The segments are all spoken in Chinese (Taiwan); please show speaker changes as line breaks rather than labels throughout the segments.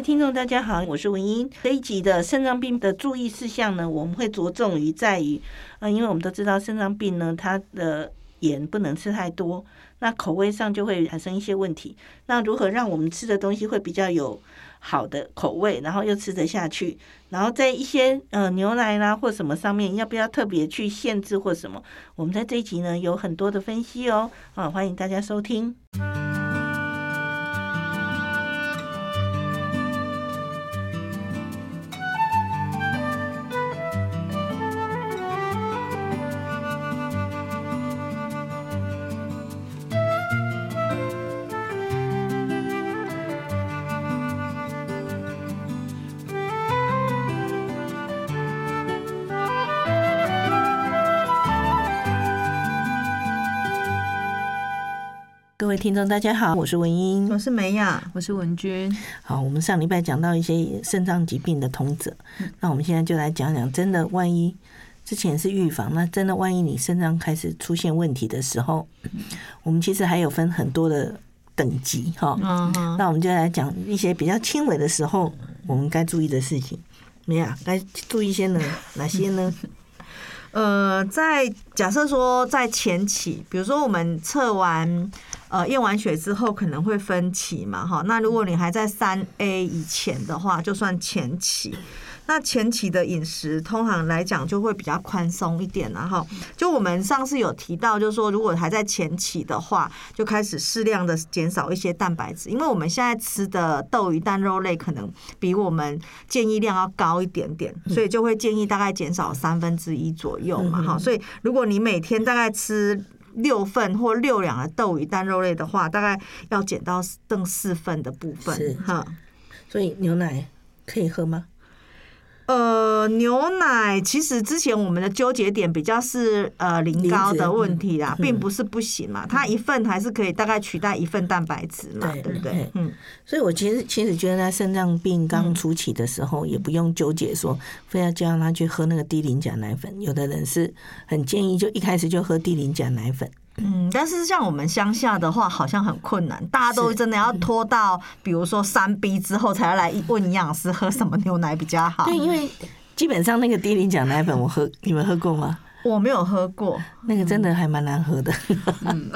聽眾大家好，我是文音。這一集的腎臟病的注意事項呢，我們會着重於在於，呃，因為我們都知道腎臟病呢，它的鹽不能吃太多，那口味上就會產生一些問題。那如何讓我們吃的東西會比較有好的口味，然後又吃得下去？然後在一些呃牛奶啦或什麼上面，要不要特別去限制或什麼？我們在這一集呢有很多的分析哦，啊，歡迎大家收聽。各位聽眾，大家好，我是文音，我是美雅，我是玟君。好，我們上禮拜講到一些腎臟疾病的通則，嗯、那我們現在就來講講，真的萬一之前是預防，那真的萬一你腎臟開始出現問題的時候，我們其實還有分很多的等級哈。哦嗯、那我們就來講一些比較輕微的時候，我們該注意的事情。美雅，該注意些呢？嗯、哪些呢？呃，在假設說在前期，比如說我們測完。呃，驗完血之後可能會分期嘛，哈。那如果你還在三 A 以前的話，就算前期。那前期的飲食通常來講就會比較寬鬆一點，然、啊、後就我們上次有提到，就是說如果還在前期的話，就開始適量的減少一些蛋白質，因為我們現在吃的豆、魚、蛋、肉類可能比我們建議量要高一點點，所以就會建議大概減少三分之一左右嘛，哈、嗯哼。所以如果你每天大概吃。六份或六兩的豆魚蛋肉類的話，大概要減到剩四份的部分，哈是。呵所以牛奶可以喝嗎？呃，牛奶其實之前我們的糾結點比較是呃磷高的問題啦，嗯、並不是不行嘛，嗯、它一份還是可以大概取代一份蛋白質嘛，對，對不對？嗯，所以我其實其實覺得在腎臟病剛初期的時候，嗯、也不用糾結說非要叫他去喝那個低磷鉀奶粉，有的人是很建議就一開始就喝低磷鉀奶粉。嗯，但是像我們鄉下的話，好像很困難，大家都真的要拖到比如說 3B 之後才要來問營養師喝什麼牛奶比較好。對，因為基本上那個低磷鉀奶粉，我喝， 你們喝過嗎？我沒有喝過，那個真的還蠻難喝的，嗯、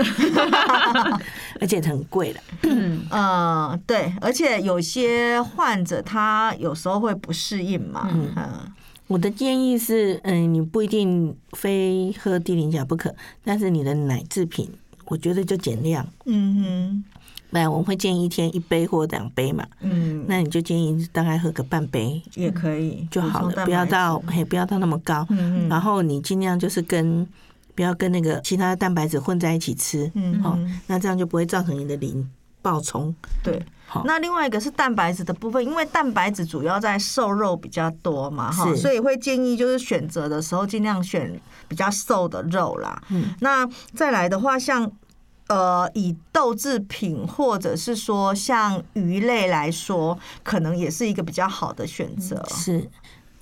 而且很貴的。嗯，呃，對，而且有些患者他有時候會不適應嘛。嗯。嗯我的建議是，嗯，你不一定非喝低磷鉀不可，但是你的奶製品，我覺得就減量。嗯哼，那我們會建議一天一杯或兩杯嘛。嗯，那你就建議大概喝個半杯也可以、嗯，就好了，不要到嘿，不要到那麼高。嗯哼，然後你盡量就是跟不要跟那個其他蛋白質混在一起吃。嗯哼，好、哦，那這樣就不會造成你的磷。爆蟲對，嗯、好，那另外一個是蛋白質的部分，因為蛋白質主要在瘦肉比較多嘛，哈是，所以會建議就是選擇的時候盡量選比較瘦的肉啦。嗯，那再來的話像，像呃，以豆制品或者是說像魚類來說，可能也是一個比較好的選擇、嗯。是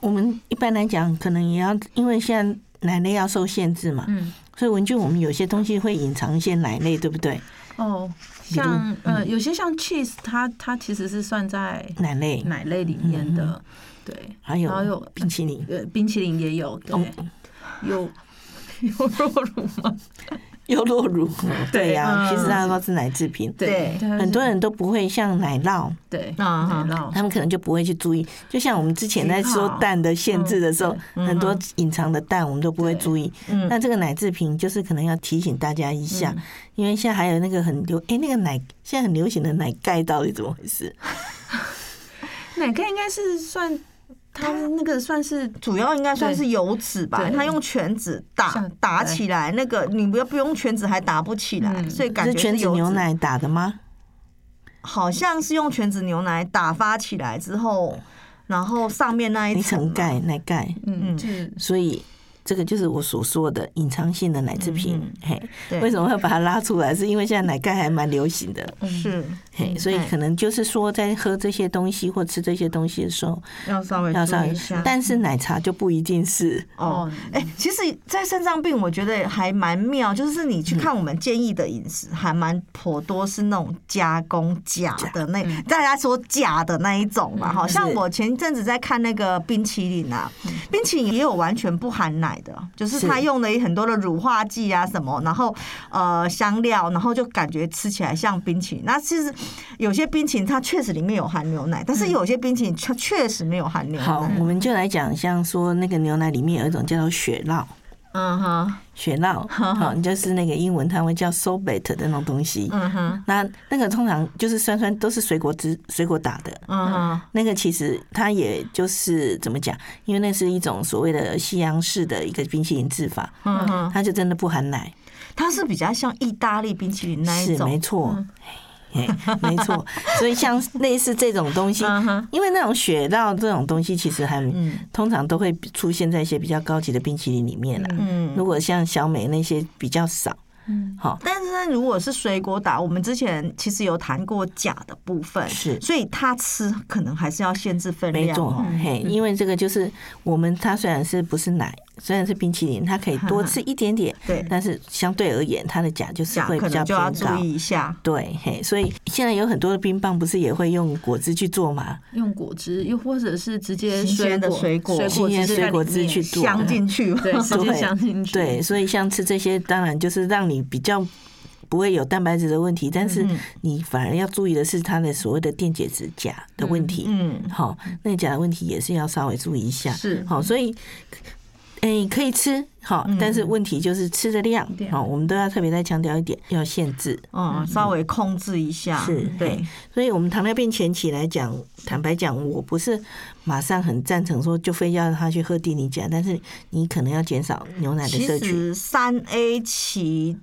我們一般來講，可能也要因為現在奶類要受限制嘛，嗯，所以玟君，我們有些東西會隱藏一些奶類，對不對？哦。像呃，有些像 cheese，它它其實是算在奶類奶類裡面的，類對，還有冰淇淋，呃、冰淇淋也有對、嗯、有有肉乳嗎？ 又落乳。對呀、啊，對，嗯、其實大家都是奶製品，對，很多人都不會像奶酪，對，奶酪，他們可能就不會去注意。就像我們之前在說蛋的限制的時候，嗯、很多隱藏的蛋我們都不會注意。嗯、那這個奶製品就是可能要提醒大家一下，嗯、因為現在還有那個很流哎、欸，那個奶現在很流行的奶蓋到底怎麼回事？ 奶蓋應該是算。它那個算是，主要應該算是油脂吧，對它用全脂打像打起來，嗯、那個你不要不用全脂還打不起來，嗯、所以感覺是全脂，是全脂牛奶打的嗎？好像是用全脂牛奶打發起來之後，然後上面那一層蓋奶蓋，嗯，是所以。這個就是我所說的隱藏性的奶制品，嘿，為什麼會把它拉出來？是因為現在奶蓋還蠻流行的，是，嘿，所以可能就是說在喝這些東西或吃這些東西的時候，要稍微稍微注意一下。但是奶茶就不一定是哦，哎，其實，在腎臟病，我覺得還蠻妙，就是你去看我們建議的飲食，還蠻頗多是那種加工假的那大家說假的那一種嘛，哈，像我前一陣子在看那個冰淇淋啊，冰淇淋也有完全不含奶。就是他用了很多的乳化劑啊什麼，是然後呃香料，然後就感覺吃起來像冰淇淋。那其實有些冰淇淋它確實裡面有含牛奶，但是有些冰淇淋它確實沒有含牛奶。嗯、好，我們就來講像說那個牛奶裡面有一種叫做雪酪。嗯哼，雪酪烙，好、嗯哼，就是那個英文他們叫 sorbet 的那種東西。嗯哼，那那個通常就是酸酸都是水果汁，水果打的。嗯哼，那個其實它也就是怎麼講，因為那是一種所謂的西洋式的一個冰淇淋製法。嗯哼，它就真的不含奶，它是比較像意大利冰淇淋那一種，是沒錯。嗯 沒錯，所以像類似這種東西，因為那種雪道這種東西，其實還，通常都會出現在一些比較高級的冰淇淋裡面啦。如果像小美那些比較少。嗯，好，但是如果是水果打，我們之前其實有談過鉀的部分，是，所以他吃可能還是要限制分量，沒錯錯，嘿、嗯，因為這個就是我們他雖然是不是奶，雖然是冰淇淋，它可以多吃一點點，對、嗯，但是相對而言，它的鉀就是會比較高，鉀可能就要注意一下，對，嘿，所以現在有很多的冰棒不是也會用果汁去做嗎？用果汁，又或者是直接新鮮的水果、新鮮水果汁去做，鑲進去，對，鑲進去，對，所以像吃這些，當然就是讓你。比較不會有蛋白質的問題，但是你反而要注意的是它的所謂的電解質鉀的問題。嗯，好、嗯哦，那鉀的問題也是要稍微注意一下。是，好、哦，所以哎、欸，可以吃，好、哦，嗯、但是問題就是吃的量，好、嗯哦，我們都要特別再強調一點，要限制，嗯、哦、稍微控制一下。嗯、是對，所以我們糖尿病前期來講，坦白講，我不是馬上很贊成說就非要他去喝低尼甲，但是你可能要減少牛奶的攝取。三 A 期。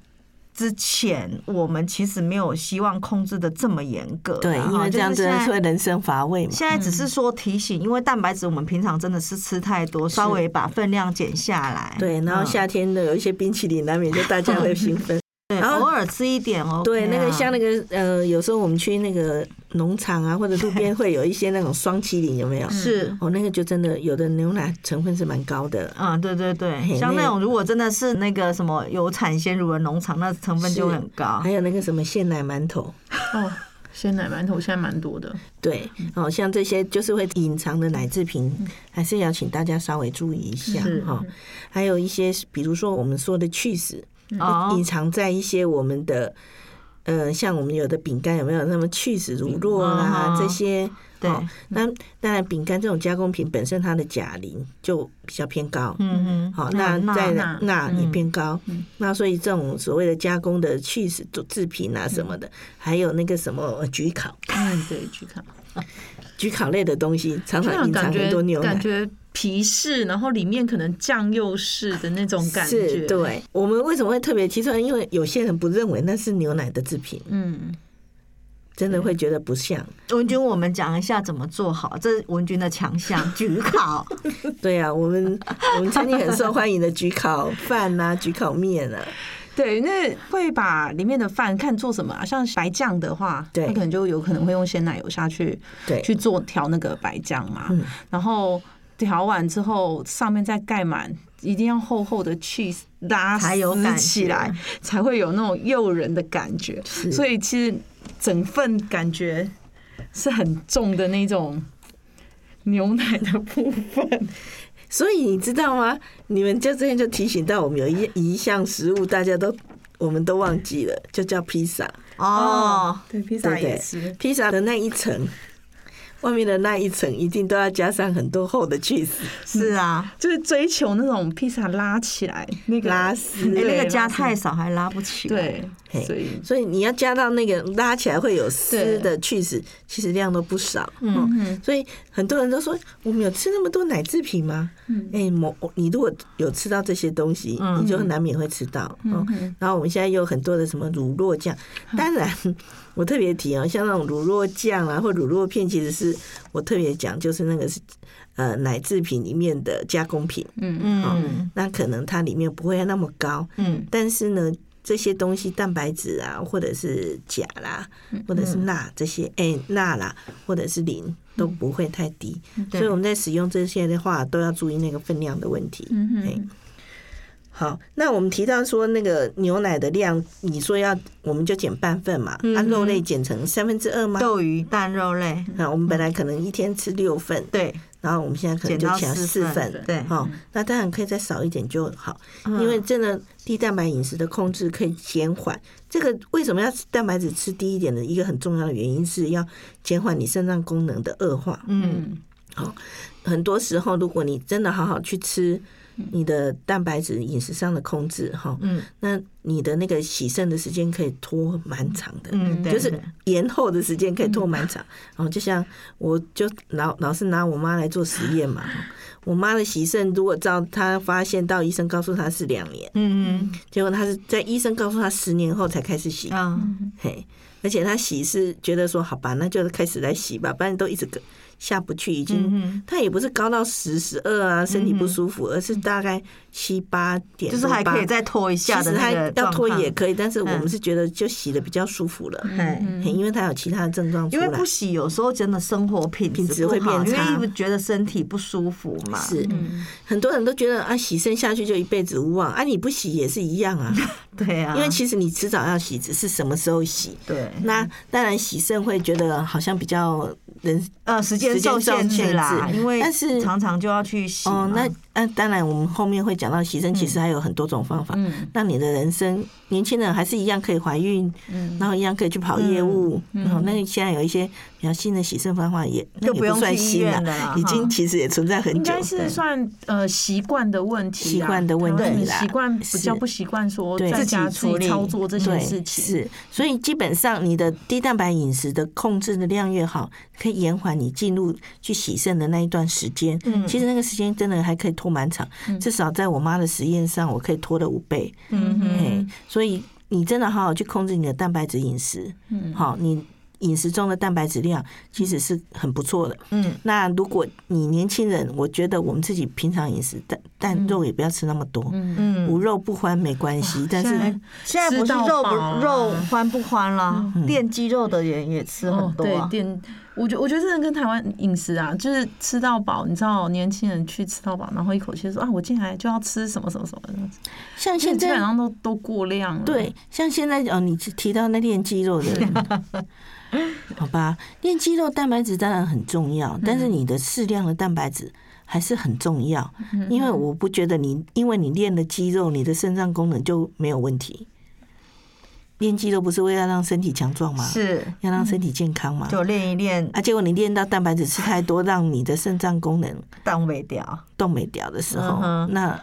之前我們其實沒有希望控制的這麼嚴格，對，因為這樣子會人生乏味嘛。現在只是說提醒，因為蛋白質我們平常真的是吃太多，稍微把分量減下來對、嗯。對，然後夏天的有一些冰淇淋，難免就大家會興奮， 對，偶爾吃一點哦。對，okay. 那個像那個呃，有時候我們去那個。農場啊，或者路邊會有一些那種霜淇淋，有沒有？嗯、是，哦，那個就真的有的牛奶成分是蠻高的。啊、嗯，對對對，嘿像那種如果真的是那個什麼有產鮮乳的農場，那成分就很高。還有那個什麼鮮奶饅頭。哦，鮮奶饅頭現在蠻多的。 對，哦，像這些就是會隱藏的奶製品，還是要請大家稍微注意一下哈是、哦。還有一些，比如說我們說的起司，嗯哦、隱藏在一些我們的。呃，像我們有的餅乾有沒有那麼去脂乳酪啦、啊哦、這些？對，哦、那當然餅乾這種加工品本身它的鉀磷就比較偏高。嗯嗯，
好、哦，嗯、那在那
也偏高，嗯、那所以這種所謂的加工的去脂製品啊什麼的，嗯、還有那個什麼焗烤，嗯對，焗烤。哦焗烤類的東西，常常加很多牛奶，感覺,感覺皮式，然後裡面可能醬又式的那種感覺是。對，我們為什麼會特別提出來？因為有些人不認為那是牛奶的制品，嗯，真的會覺得不像。玟君，我們講一下怎麼做好，這是玟君的強項，焗烤。 對呀、啊，我們我們餐廳很受歡迎的焗烤飯啊，焗烤面啊。對，那會把裡面的飯看做什麼？像白醬的話，它對可能就有可能會用鮮奶油下去，對，去做調那個白醬嘛。嗯、然後調完之後，上面再蓋滿，一定要厚厚的 cheese 拉絲起來，才，才會有那種誘人的感覺。是所以其實整份感覺是很重的那種牛奶的部分。所以你知道嗎？你們就這樣就提醒到我們有一一項食物，大家都我們都忘記了，就叫披薩、oh, 對對對披薩哦，對，披薩也是披薩的那一層。外面的那一層一定都要加上很多厚的 cheese。是啊，就是追求那種披薩拉起來那個拉絲絲、欸，那個加太少還拉不起來，對，
所，
所以你要加到那個拉起來會有絲的 cheese，其實量都不少，對嗯哼所以很多人都說，我們有吃那麼多奶製品嗎？嗯，哎、欸，某，你如果有吃到這些東西，你就很難免會吃到，嗯哼，嗯哼然後我們現在又有很多的什麼乳酪醬，當然。嗯我特別提啊，像那種乳酪醬啊，或乳酪片，其實是我特別講，就是那個是呃奶製品裡面的加工品，嗯嗯，那可能它裡面不會那麼高，嗯，但是呢，這些東西蛋白質啊，或者是鉀啦，或者是鈉這些，哎、嗯，鈉、欸、啦，或者是磷都不會太低，嗯、所以我們在使用這些的話，都要注意那個分量的問題，嗯、欸、嗯。好，那我們提到說那個牛奶的量，你說要我們就減半份嘛？那、嗯嗯啊、肉類減成三分之二嗎？豆魚蛋肉類，那我們本來可能一天吃六份，嗯、對，然後我們現在可能就減到四份，減到四份，對，好，那當然可以再少一點就好，對因為真的低蛋白飲食的控制可以減緩、嗯、這個。為什麼要蛋白質吃低一點呢？一個很重要的原因是要減緩你腎臟功能的惡化。嗯，好，很多時候如果你真的好好去吃。你的蛋白質飲食上的控制哈，嗯，那你的那個洗腎的時間可以拖蠻長的，嗯、對，就是延後的時間可以拖蠻長。嗯、然後就像我就老老是拿我媽來做實驗嘛，嗯、我媽的洗腎如果照她發現到醫生告訴她是兩年，嗯嗯，結果她是在醫生告訴她十年後才開始洗嘿，嗯、而且她洗是覺得說好吧，那就開始來洗吧，不然都一直下不去，已經他也不是高到十十二啊，身體不舒服，而是大概七八點，就是還可以再拖一下。其實他要拖也可以，但是我們是覺得就洗的比較舒服了，因為他有其他的症狀出來，因為不洗有時候真的生活品質會變差，因為覺得身體不舒服嘛。是，很多人都覺得啊，洗腎下去就一輩子無望，啊，你不洗也是一樣啊。對啊，因為其實你遲早要洗，只是什麼時候洗。對，那當然洗腎會覺得好像比較人。呃，時間受限啦，因為但是常常就要去洗嘛哦，那那當然，我們後面會講到洗腎其實還有很多種方法。嗯，那你的人生，年輕人還是一樣可以懷孕，嗯，然後一樣可以去跑業務。嗯，那你現在有一些比較新的洗腎方法，也就不用算新了。已經其實也存在很久應該是算呃習慣的問題，習慣的問題啦。習慣比較不習慣說在家自己操作這件事情。是，所以基本上你的低蛋白飲食的控制的量越好，可以延緩你進入去洗腎的那一段時間，嗯，其實那個時間真的還可以拖蠻長，至少在我媽的實驗上，我可以拖了五倍，嗯哼、欸、所以你真的好好去控制你的蛋白質飲食，嗯，好，你飲食中的蛋白質量其實是很不錯的，嗯，那如果你年輕人，我覺得我們自己平常飲食，但但肉也不要吃那麼多，嗯嗯哼，無肉不歡沒關係，哇但是現在，現在不是肉不肉歡不歡了，練、嗯嗯、肌肉的人也吃很多，啊哦，對。我覺我覺得這跟台灣飲食啊，就是吃到飽。你知道，年輕人去吃到飽，然後一口氣說啊，我進來就要吃什麼什麼什麼這樣子，
像現在基本上
都都過量了。對，像現在哦，你提到那練肌肉的人， 好吧？練肌肉蛋白質當然很重要，但是你的適量的蛋白質還是很重要，嗯、哼因為我不覺得你因為你練了肌肉，你的腎臟功能就沒有問題。練肌肉不是為了讓身體強壯嗎？是，要讓身體健康嗎？就練一練啊！結果你練到蛋白質吃太多，讓你的腎臟功能動沒掉，動沒掉的時候，嗯、哼那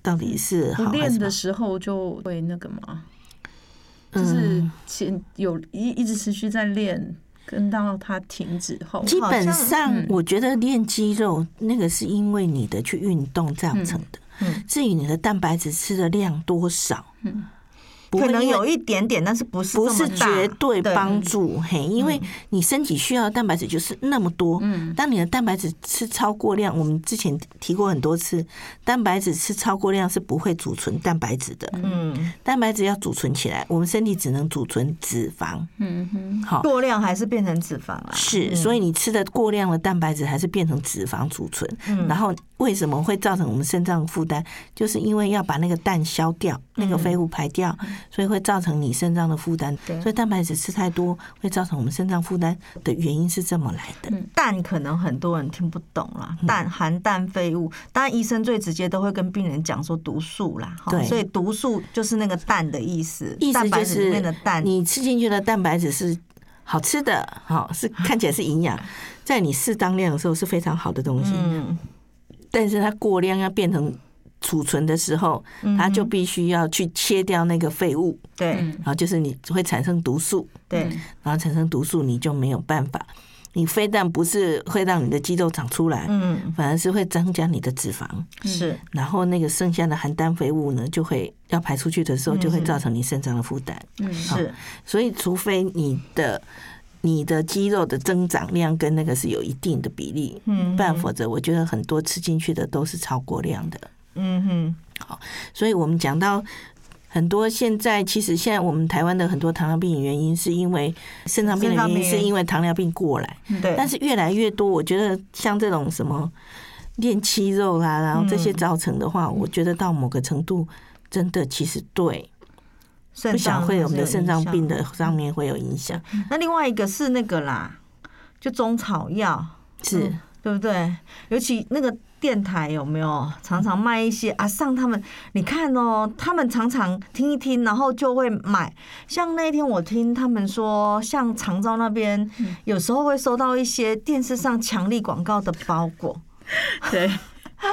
到底是，好是？你練的時候就會那個嗎？嗯、就是先有一一直持續在練，跟到它停止後，基本上我覺得練肌肉、嗯、那個是因為你的去運動造成的嗯。嗯，至於你的蛋白質吃的量多少，嗯。
可能有一
點點，但是不是不是絕對幫助嘿，因為你身體需要的蛋白質就是那麼多，嗯，當你的蛋白質吃超過量，我們之前提過很多次，蛋白質吃超過量是不會儲存蛋白質的，嗯，蛋白質要儲存起來，我們身體只能儲存脂肪，嗯哼，好，過量還是變成脂肪啊。是，所以你吃的過量的蛋白質還是變成脂肪儲存，嗯，然後。為什麼會造成我們腎臟負擔？就是因為要把那個氮消掉，那個廢物排掉，嗯、所以會造成你腎臟的負擔。對所以蛋白質吃太多會造成我們腎臟負擔的原因是這麼來的、嗯。蛋可能很多人聽不懂啦，蛋含氮廢物，嗯、當然醫生最直接都會跟病人講說毒素啦。對，所以毒素就是那個氮的意思。意思就是、蛋白質裡面的氮。你吃進去的蛋白質是好吃的，好是看起來是營養，在你適當量的時候是非常好的東西。嗯但是它過量要變成儲存的時候，它就必須要去切掉那個廢物，對、嗯，然後就是你會產生毒素，對、嗯，然後產生毒素你就沒有辦法，你非但不是會讓你的肌肉長出來，嗯，反而是會增加你的脂肪，是、嗯，然後那個剩下的含氮廢物呢，就會要排出去的時候，就會造成你腎臟的負擔，嗯，是、哦，所以除非你的。你的肌肉的增長量跟那個是有一定的比例，不然、嗯、哼否則我覺得很多吃進去的都是超過量的。嗯哼，好，所以我們講到很多現在，其實現在我們台灣的很多糖尿病原因是因為腎臟病變，是因為糖尿病過來。但是越來越多，我覺得像這種什麼練肌肉啦、啊，然後這些造成的話，嗯、我覺得到某個程度，真的其實對。不想會我們的腎臟病的上面會有影響、嗯。那另外一個是那個啦，就中草藥是、嗯，對不對？尤其那個電臺有沒有常常賣一些啊？上他們你看哦、喔，他們常常聽一聽，然後就會買。像那一天我聽他們說，像長照那邊、嗯、有時候會收到一些電視上強力廣告的包裹，對，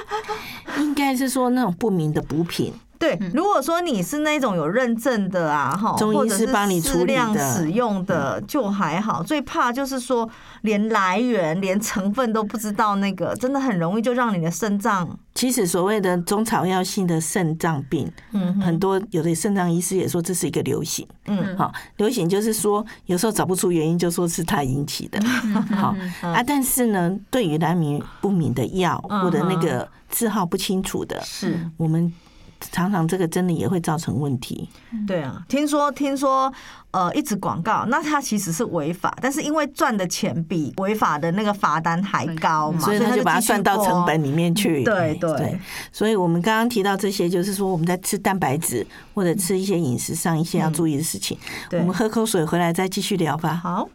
應該是說那種不明的補品。對，如果說你是那種有認證的啊，哈，中醫師幫你處理的、或者是適量使用的、嗯、就還好。最怕就是說連來源、連成分都不知道，那個真的很容易就讓你的腎臟。其實所謂的中草藥性的腎臟病，嗯、哼很多有的腎臟醫師也說這是一個流行，嗯，好，流行就是說有時候找不出原因，就說是它引起的。好、嗯嗯嗯、 啊，但是呢，對於來路不明的藥、嗯、哼或者那個字號不清楚的，是我們。常常這個真的也會造成問題。對啊，聽說聽說，呃，一直廣告，那他其實是違法，但是因為賺的錢比違法的那個罰單還高嘛，嗯，所以他就把它算到成本裡面去。嗯，對對，對。所以我們剛剛提到這些，就是說我們在吃蛋白質或者吃一些飲食上一些要注意的事情。嗯，我們喝口水回來再繼續聊吧。好。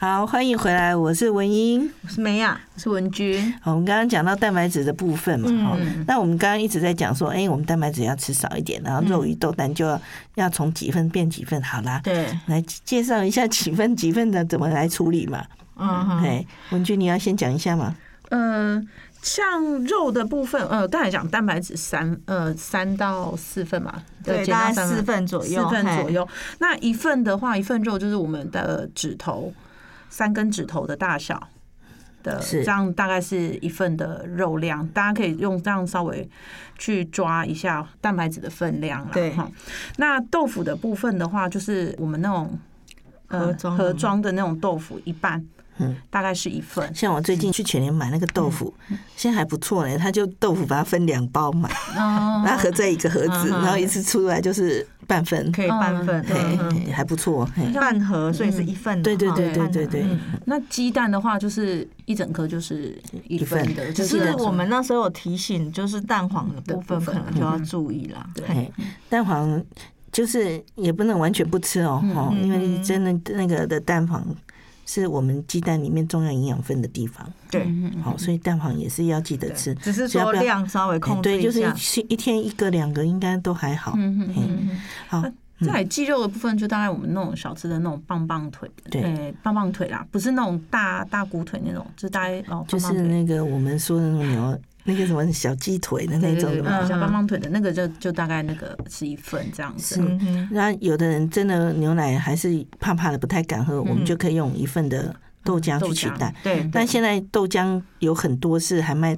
好，歡迎回來，我是文音，我是美雅，我是玟君。好，我們剛剛講到蛋白質的部分嘛，那我們剛剛一直在講說，哎，我們蛋白質要吃少一點，然後肉魚豆蛋就要要從幾份變幾份，好啦，對，來介紹一下幾份幾份的怎麼來處理嘛。嗯，哎，玟君你要先講一下嗎。嗯，像肉的部分，呃，剛才講蛋白質三呃三到四份嘛，對，大概四份左右，四份左右。那一份的話，一份肉就是我們的指頭。三根指頭的大小的，是這樣大概是一份的肉量，大家可以用這樣稍微去抓一下蛋白質的分量啊。哈對那豆腐的部分的話，就是我們那種盒盒裝的那種豆腐，一半，大概是一份。像我最近去全聯買那個豆腐，現在還不錯呢。他就豆腐把它分兩包買，然後合在一個盒子，然後一次出來就是半份，可以半份，對，還不錯。半盒所以是一份，對對對對對對。那雞蛋的話，就是一整顆就是一份的，只是我們那時候有提醒，就是蛋黃的部分可能就要注意了。對，蛋黃就是也不能完全不吃哦，因為真的那個的蛋黃。是我們雞蛋裡面重要營養分的地方，對，好，所以蛋黃也是要記得吃，只是說量稍微控制一下，要要嗯、對，就是一，是一天一個兩個應該都還好。嗯嗯好，啊、在雞肉的部分，就大概我們那種小吃的那種棒棒腿，對、欸，棒棒腿啦，不是那種大大骨腿那種，就大概對哦，棒棒就是那個我們說的那種有。那個什麼小雞腿的那種的、嗯，小棒棒腿的那個就，就就大概那個是一份這樣子。那有的人真的牛奶還是怕怕的，不太敢喝，嗯、我們就可以用一份的豆漿去取代。嗯、對，對，但現在豆漿有很多是還賣。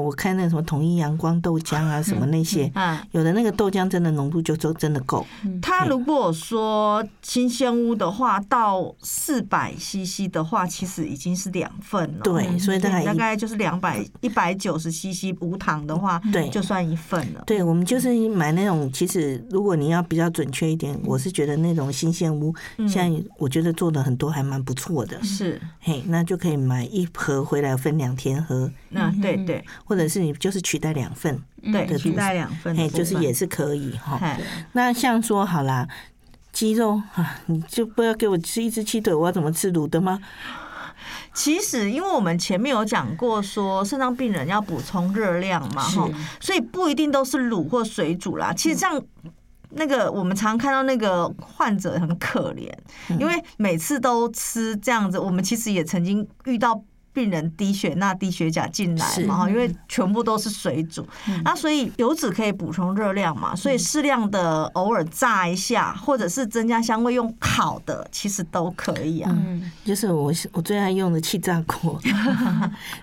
我看那什麼統一陽光豆漿啊，什麼那些，有的那個豆漿真的濃度就就真的夠。嗯、嘿他如果說新鮮屋的話，到四百 CC 的話，其實已經是兩份了。對、嗯，所以大概大概就是兩百一百九十 CC 無糖的話，對、嗯，就算一份了。對，我們就是買那種，其實如果你要比較準確一點，我是覺得那種新鮮屋，現在我覺得做的很多還蠻不錯的。是、嗯，嘿，那就可以買一盒回來分兩天喝。那、嗯嗯、對，對對。或者是你就是取代兩份，對，取代兩份，哎、欸，就是也是可以哈。對那像說好啦，雞肉啊，你就不要給我吃一隻雞腿，我要怎麼吃滷的嗎？其實，因為我們前面有講過，說腎臟病人要補充熱量嘛，哈是，所以不一定都是滷或水煮啦。其實，像那個我們常看到那個患者很可憐，嗯、因為每次都吃這樣子，我們其實也曾經遇到。病人低血鈉、低血鉀進來嘛，哈，因為全部都是水煮，那所以油脂可以補充熱量嘛，所以適量的偶爾炸一下，或者是增加香味用烤的，其實都可以啊。嗯，就是我我最愛用的氣炸鍋，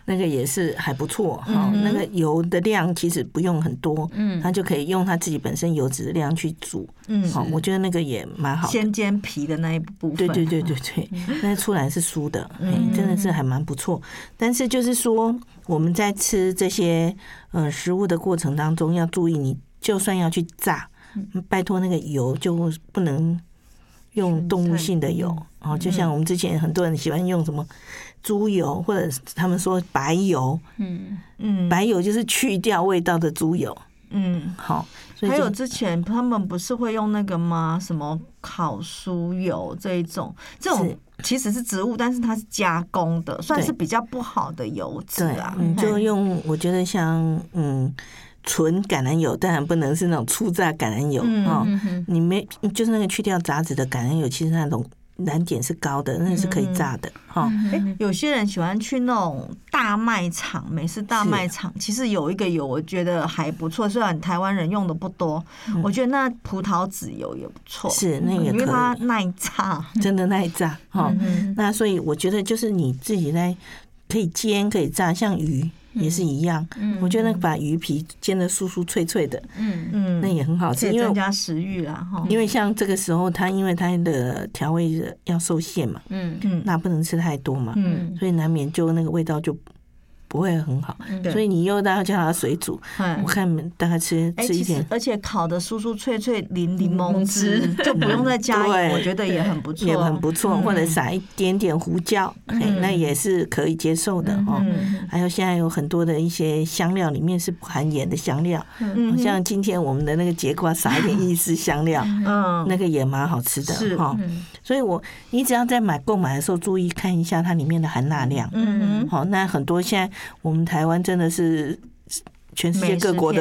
那個也是還不錯哈。那個油的量其實不用很多，嗯，它就可以用它自己本身油脂的量去煮，嗯，好，我覺得那個也蠻好。先煎皮的那一部分，對對對對對，那出來是酥的，欸，真的是還蠻不錯。但是就是說，我們在吃這些呃食物的過程當中要注意，你就算要去炸，嗯、拜托那個油就不能用動物性的油哦、嗯。就像我們之前很多人喜歡用什麼豬油，嗯、或者他們說白油，嗯嗯，嗯白油就是去掉味道的豬油。嗯，好。所以就是、還有之前他們不是會用那個嗎？什麼烤酥油這一種，這種。其實是植物，但是它是加工的，算是比較不好的油脂啊。對，就用我覺得像嗯，純橄欖油，當然不能是那種粗榨橄欖油嗯，嗯嗯你沒就是那個去掉雜質的橄欖油，其實那種。難點是高的，那是可以炸的哈、嗯嗯欸。有些人喜歡去那種大賣場，美式大賣場。是其實有一個油，我覺得還不錯，雖然台灣人用的不多，嗯、我覺得那葡萄籽油也不錯，是那個、嗯、因為它耐炸，真的耐炸哈。那所以我覺得就是你自己在可以煎可以炸，像魚。也是一樣，嗯、我覺得那把魚皮煎的酥酥脆脆的，嗯嗯，那也很好吃，因為增加食欲啊。因為像這個時候，它因為它的調味要受限嘛，嗯，那不能吃太多嘛，嗯，所以難免就那個味道就。不會很好，所以你又大概叫他水煮，我看大家吃吃一點，而且烤得酥酥脆脆，淋檸檬汁就不用再加鹽，我覺得也很不錯，也很不錯，或者撒一點點胡椒，那也是可以接受的。還有現在有很多的一些香料，裡面是不含鹽的香料，像今天我們的那個節瓜，撒一點意式香料，嗯，那個也蠻好吃的。所以我你只要在買購買的時候注意看一下它裡面的含鈉量，嗯，好，那很多現在。我們台灣真的是全世界各國的，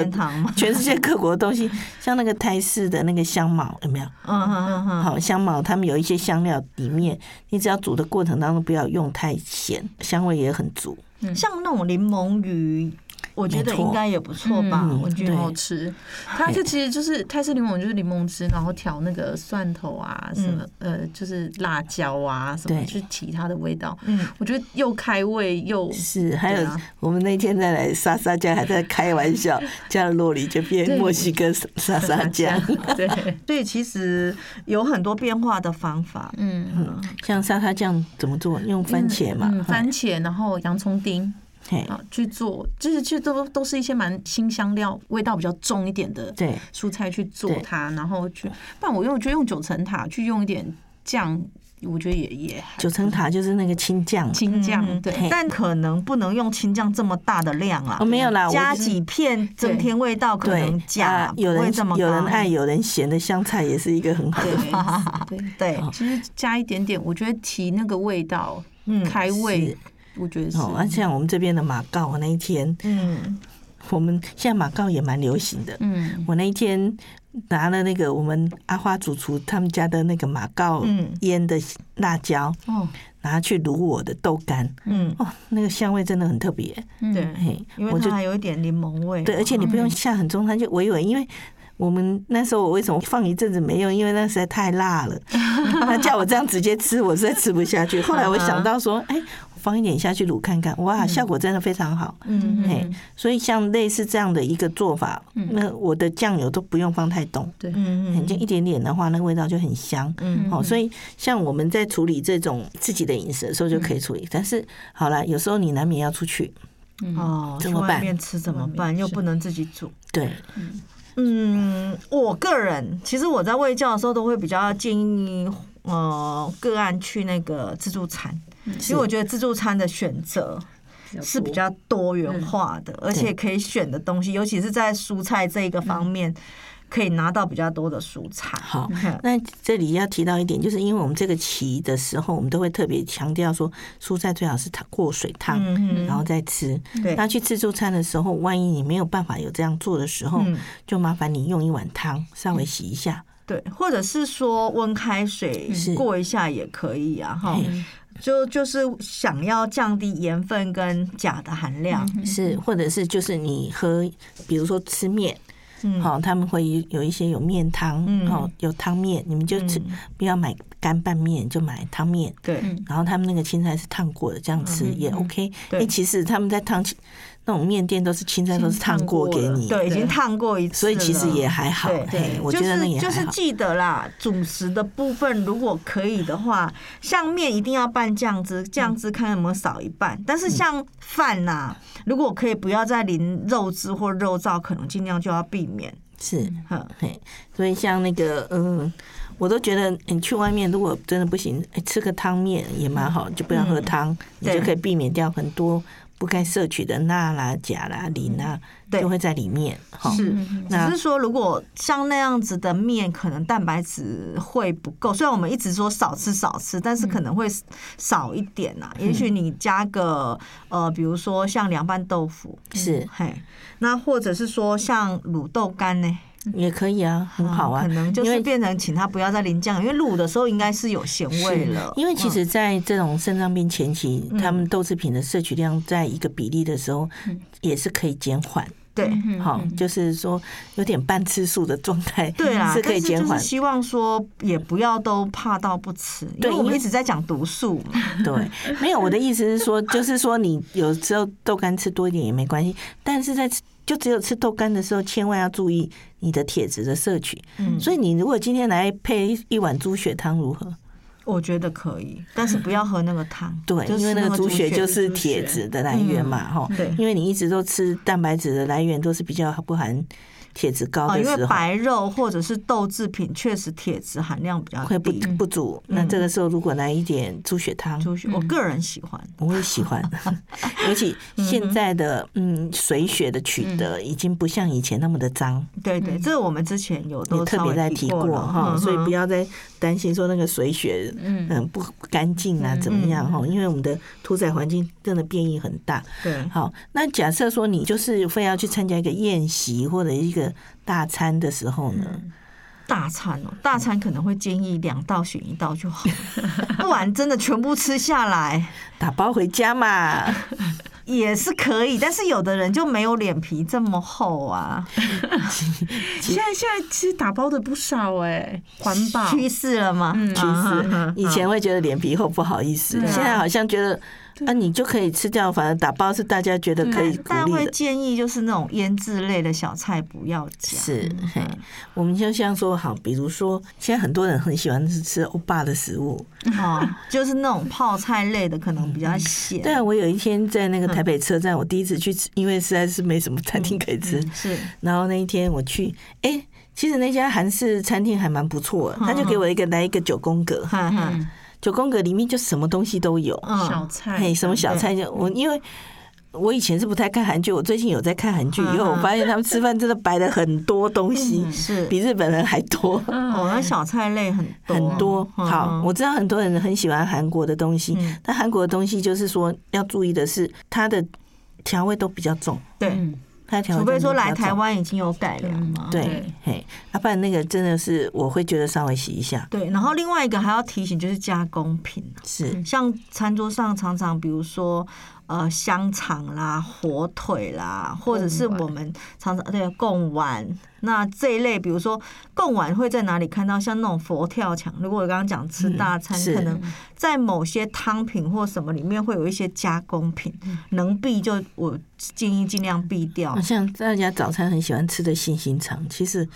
全世界各國的東西，像那個泰式的那個香茅有沒有？嗯嗯嗯嗯，好香茅，他們有一些香料裡面，你只要煮的過程當中不要用太鹹，香味也很足。像那種檸檬魚。我覺得應該也不錯吧，我覺得好吃。它是其實就是泰式檸檬，就是檸檬汁，然後調那個蒜頭啊，什麼呃，就是辣椒啊，什麼就是其他的味道。嗯，我覺得又開胃又是。還有我們那天再來沙沙醬還在開玩笑，加了酪梨就變墨西哥沙沙醬。對，所以其實有很多變化的方法。嗯，像沙沙醬怎麼做？用番茄嘛，番茄然後洋蔥丁。啊，去做就是去都都是一些蠻辛香料，味道比較重一點的對蔬菜去做它，然後去。但我又覺得用九層塔去用一點醬，我覺得也也、就是、九層塔就是那個青醬，青醬、嗯、對。但可能不能用青醬這麼大的量啊，我、哦、沒有啦，加幾片增添味道可能加。就是啊、有人這麼有人愛，有人嫌的香菜也是一個很好的。 對，對對哦、其實加一點點，我覺得提那個味道，嗯、開胃。我覺得、哦、像我們這邊的馬告，我那一天，嗯，我們現在馬告也蠻流行的，嗯，我那一天拿了那個我們阿花主廚他們家的那個馬告，嗯，醃的辣椒，哦、嗯，拿去滷我的豆干，嗯，哦，那個香味真的很特別，對、嗯，嘿，我覺得有一點檸檬味，對，而且你不用下很中餐，它、嗯、就我以為因為我們那時候我為什麼放一陣子沒用，因為那實在太辣了， 他叫我這樣直接吃，我實在吃不下去，後來我想到說，哎、欸。放一點下去滷看看，哇，效果真的非常好。嗯嘿，所以像類似這樣的一個做法，那我的醬油都不用放太多。對，嗯
嗯。很就一
點點的話，那個味道就很香。嗯。哦，所以像我們在處理這種自己的飲食的時候就可以處理，但是好了，有時候你難免要出去。哦，怎麼辦？外面吃怎麼辦？又不能自己煮。對。嗯，我個人其實我在衛教的時候都會比較建議，呃，個案去那個自助餐。其實是我覺得自助餐的選擇是比較多元化的，嗯、而且可以選的東西，對尤其是在蔬菜這一個方面，嗯、可以拿到比較多的蔬菜。好，嗯、那這裡要提到一點，就是因為我們這個期的時候，我們都會特別強調說，蔬菜最好是過水燙，嗯、然後再吃。那對去自助餐的時候，萬一你沒有辦法有這樣做的時候，就麻煩你用一碗湯稍微洗一下、嗯，對，或者是說溫開水過一下也可以啊，哈是。然後 就就是想要降低鹽分跟鉀的含量，是或者是就是你喝，比如說吃麵，好、嗯、他們會有一些有麵湯，好、嗯、有湯麵，你們就吃、嗯、不要買乾拌麵，就買湯麵，對、嗯，然後他們那個青菜是燙過的，這樣吃也 OK、嗯嗯、因為其實他們在燙青。那種麵店都是青菜，都是燙過給你過，對，已經燙過一次，所以其實也還好。對，對我覺得也還好，就是。就是記得啦，主食的部分如果可以的話，像麵一定要拌醬汁，醬汁看有沒有少一半。嗯，但是像飯吶，啊，如果可以不要再淋肉汁或肉燥，可能儘量就要避免。是，哈嘿，嗯。所以像那個，嗯，我都覺得你、欸、去外面，如果真的不行，欸，吃個湯麵也蠻好，就不要喝湯，嗯，你就可以避免掉很多。不該攝取的鈉啦、鉀啦、磷啦，都會在裡面。對齁是，那只是說，如果像那樣子的麵，可能蛋白質會不夠。雖然我們一直說少吃少吃，但是可能會少一點吶、啊。嗯、也許你加個呃，比如說像涼拌豆腐，是、嗯、嘿，那或者是說像滷豆干呢。也可以啊，很好啊，可能就是變成請他不要再淋醬，因為滷的時候應該是有鹹味了。因為其實，在這種腎臟病前期，他們豆制品的攝取量在一個比例的時候，也是可以減緩。對，好，就是說有點半吃素的狀態，對啊，是可以減緩。希望說也不要都怕到不吃，因為我們一直在講毒素。對，沒有，我的意思是說，就是說你有時候豆干吃多一點也沒關係，但是在吃。就只有吃豆乾的時候，千萬要注意你的鐵質的攝取。嗯，所以你如果今天來配一碗豬血湯如何？我覺得可以，但是不要喝那個湯。 對，因為那個豬血就是鐵質的來源嘛，對、嗯，因為你一直都吃蛋白質的來源都是比較不含。鐵質高的時候，哦、因為白肉或者是豆製品確實鐵質含量比較低，會不足。嗯、那這個時候如果來一點豬血湯，豬血、嗯，我個人喜歡，我也喜歡。 嗯、哼尤其現在的嗯，水血的取得已經不像以前那麼的髒。對對、嗯，這是個我們之前有特別在提過哈，嗯、哼所以不要再擔心說那個水血，嗯，不乾淨啊，怎麼樣哈？嗯、因為我們的屠宰環境真的變異很大。對、嗯，好，那假設說你就是非要去參加一個宴席，或者一個大餐的時候呢？嗯、大餐哦、喔，大餐可能會建議兩道選一道就好，不然 真的全部吃下來，打包回家嘛。也是可以，但是有的人就沒有臉皮這麼厚啊。 現在現在其實打包的不少哎、欸，環保趨勢了嘛。嗯、趨勢，以前會覺得臉皮厚不好意思，啊、現在好像覺得。那、啊、你就可以吃掉，反正打包是大家覺得可以可以的、嗯。大家會建議就是那種醃製類的小菜不要加。是，嗯、我們就像說好，比如說現在很多人很喜歡吃歐巴的食物啊、哦，就是那種泡菜類的可能比較鹹。對啊、 嗯，我有一天在那個臺北車站，我第一次去吃，嗯、因為實在是沒什麼餐廳可以吃。嗯嗯、是。然後那一天我去，哎、欸，其實那家韓式餐廳還蠻不錯，他就給我一個來一個九宮格。哈哈、嗯嗯嗯九宮格裡面就什麼東西都有，小菜、嗯，什麼小菜就、嗯、我，因為我以前是不太看韓劇，我最近有在看韓劇，因為我發現他們吃飯真的擺了很多東西，嗯、是比日本人還多。我的小菜類很很多。嗯、好，嗯、我知道很多人很喜歡韓國的東西，嗯、但韓國的東西就是說要注意的是，它的調味都比較重，對。嗯除非說來台灣已經有改良了嘛，對，對嘿，那、不然那個真的是我會覺得稍微洗一下。對，然後另外一個還要提醒就是加工品，啊，是像餐桌上常常比如說。呃，香腸啦，火腿啦，或者是我們常常貢丸對，貢丸，那這一類，比如說貢丸會在哪裡看到？像那種佛跳牆，如果我剛剛講吃大餐，嗯、可能在某些湯品或什麼裡面會有一些加工品，嗯、能避就我建議盡量避掉。像大家早餐很喜歡吃的信心腸，其實。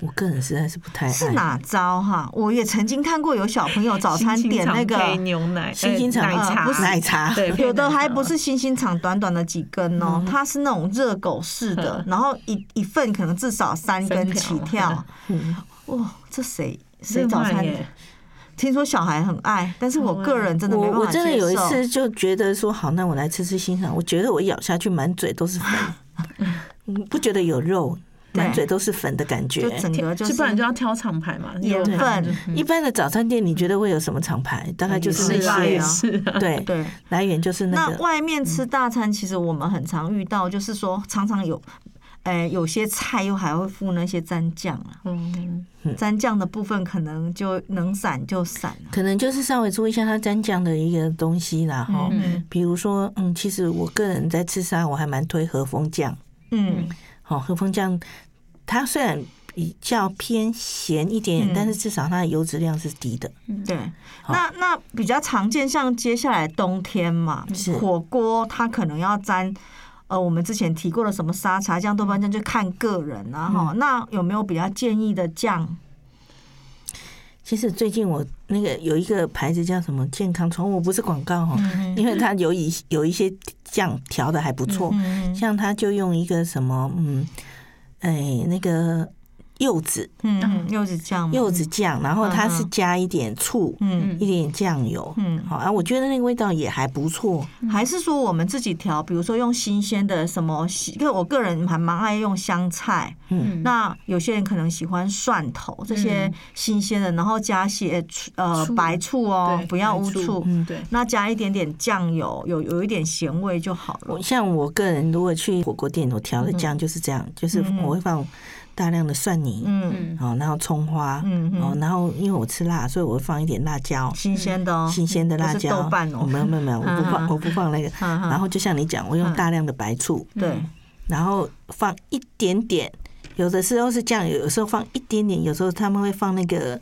我個人實在是不太愛是哪招哈，我也曾經看過有小朋友早餐點那個牛奶，香腸哈，不是奶茶，有的還不是香腸，短短的幾根哦，它是那種熱狗式的，然後一一份可能至少三根起跳，哇，這誰誰早餐點？聽說小孩很愛，但是我個人真的沒辦法接受。我我真的有一次就覺得說好，那我來吃吃香腸，我覺得我咬下去滿嘴都是粉，不覺得有肉。滿嘴都是粉的感覺，就整個就是，不然就要挑廠牌嘛。鹽粉一般的早餐店，你覺得會有什麼廠牌？大概就是那些對對，來源就是那。那外面吃大餐，其實我們很常遇到，就是說常常有，哎，有些菜又還會附那些蘸醬啊。嗯，蘸醬的部分可能就能散就散，可能就是稍微注意一下它蘸醬的一個東西啦哈。比如說，嗯，其實我個人在吃沙，我還蠻推和風醬。嗯，好，和風醬。它雖然比較偏鹹一點點，嗯、但是至少它的油脂量是低的。對。好那那比較常見，像接下來冬天嘛，是火鍋它可能要沾，呃，我們之前提過的什麼沙茶醬、豆瓣醬，就看個人啊哈、嗯。那有沒有比較建議的醬？其實最近我那個有一個牌子叫什麼健康廚，從我不是廣告哈、哦，嗯、哼因為它有一有一些醬調的還不錯，嗯、哼像它就用一個什麼嗯。哎，那個，柚子，嗯，柚子醬，柚子醬，然後它是加一點醋，嗯，一點醬油，嗯，好，啊，我覺得那個味道也還不錯。還是說我們自己調，比如說用新鮮的什麼，因為我個人還蠻愛用香菜，嗯，那有些人可能喜歡蒜頭這些新鮮的，然後加些呃，白醋哦，不要烏醋，嗯，對，那加一點點醬油，有有一點鹹味就好了。像我個人如果去火鍋店，我調的醬就是這樣，就是我會放。大量的蒜泥，嗯，哦，然後蔥花，嗯嗯，然後因為我吃辣，所以我會放一點辣椒，新鮮的，新鮮的辣椒，沒有沒有沒有，我不放我不放那個，然後就像你講，我用大量的白醋，
對，
然後放一點點，有的時候是醬油，有時候放一點點，有時候他們會放那個。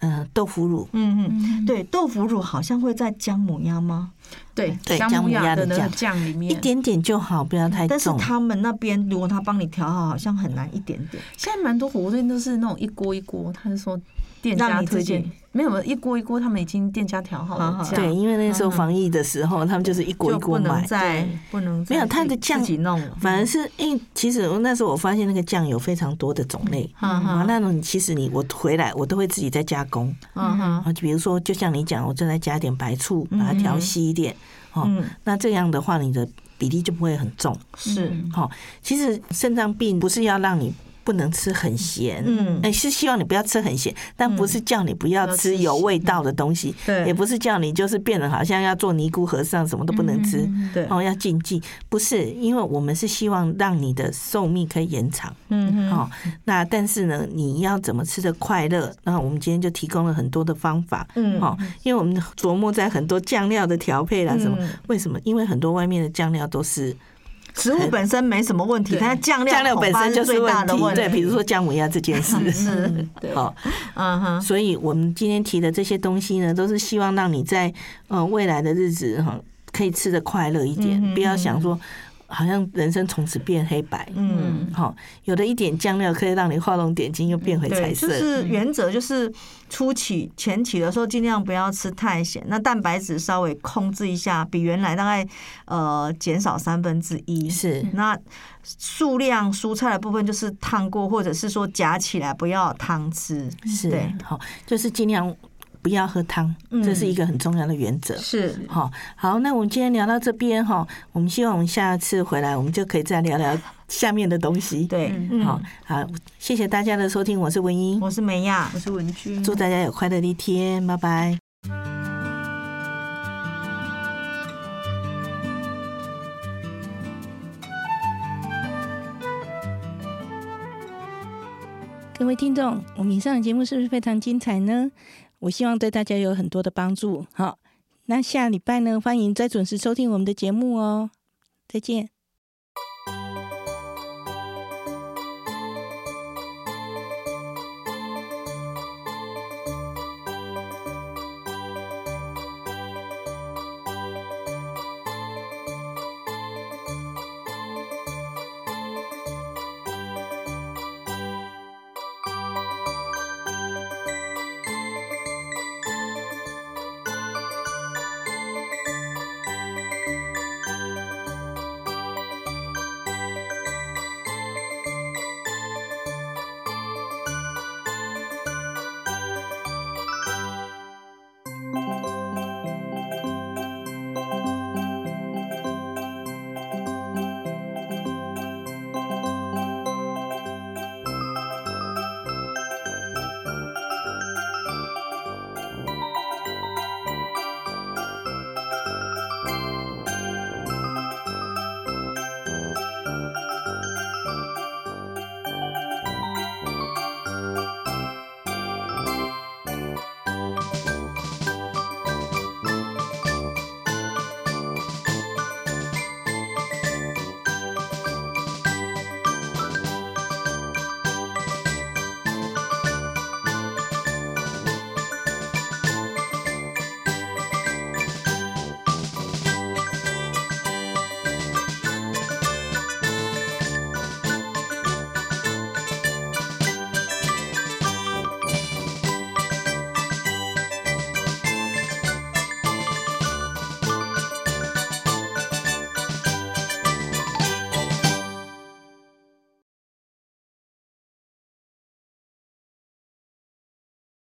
呃，豆腐乳，嗯嗯哼，對，豆腐乳好像會在薑母鴨嗎？對，對，薑母，薑母鴨的醬裡面一點點就好，不要太重。但是他們那邊如果他幫你調好，好像很難一點點。嗯，現在蠻多火鍋店都是那種一鍋一鍋，他是說。
店家
推薦沒有，一鍋一鍋，他們已經店家調好了，對，因為那時候防疫的時候，他們就是一鍋一鍋買，對，不能沒有他的醬自己弄。反而是因為其實那時候我發現那個醬有非常多的種類，啊，那種其實你我回來我都會自己再加工。啊就比如說就像你講，我正在加點白醋，把它調稀一點。哦，那這樣的話你的比例就不會很重，是哦，其實腎臟病不是要讓你。不能吃很鹹，嗯，哎、欸，是希望你不要吃很鹹，但不是叫你不要吃有味道的東西，對、嗯，也不是叫你就是變得好像要做尼姑和尚什麼都不能吃，嗯、對，哦，要禁忌，不是，因為我們是希望讓你的壽命可以延長，嗯哼、哦，那但是呢，你要怎麼吃得快樂，那我們今天就提供了很多的方法，嗯，哈、哦，因為我們琢磨在很多醬料的調配啦，什麼，嗯、為什麼？因為很多外面的醬料都是。食物本身沒什麼問題，它醬料，料本身就是大問題。對，比如說薑母鴨這件事，是。嗯，所以我們今天提的這些東西呢，都是希望讓你在嗯、呃、未來的日子哈、哦，可以吃得快樂一點，嗯、哼不要想說。好像人生從此變黑白，嗯，好、哦，有的一點醬料可以讓你畫龍點睛，又變回彩色。嗯、就是原則，就是初期前期的時候，盡量不要吃太鹹。那蛋白質稍微控制一下，比原來大概呃減少三分之一。是。那數量蔬菜的部分，就是燙過或者是說夾起來，不要湯吃。對，是，好，就是盡量。不要喝湯，這是一個很重要的原則。嗯，是，好，好，那我們今天聊到這邊哈，我們希望我們下次回來，我們就可以再聊聊下面的東西。對，好，好，謝謝大家的收聽，我是文音，我是美雅，我是玟君，祝大家有快樂的一天，拜拜。各位聽眾，我們以上的節目是不是非常精彩呢？我希望對大家有很多的幫助。好，那下禮拜呢，歡迎再準時收聽我們的節目哦。再見。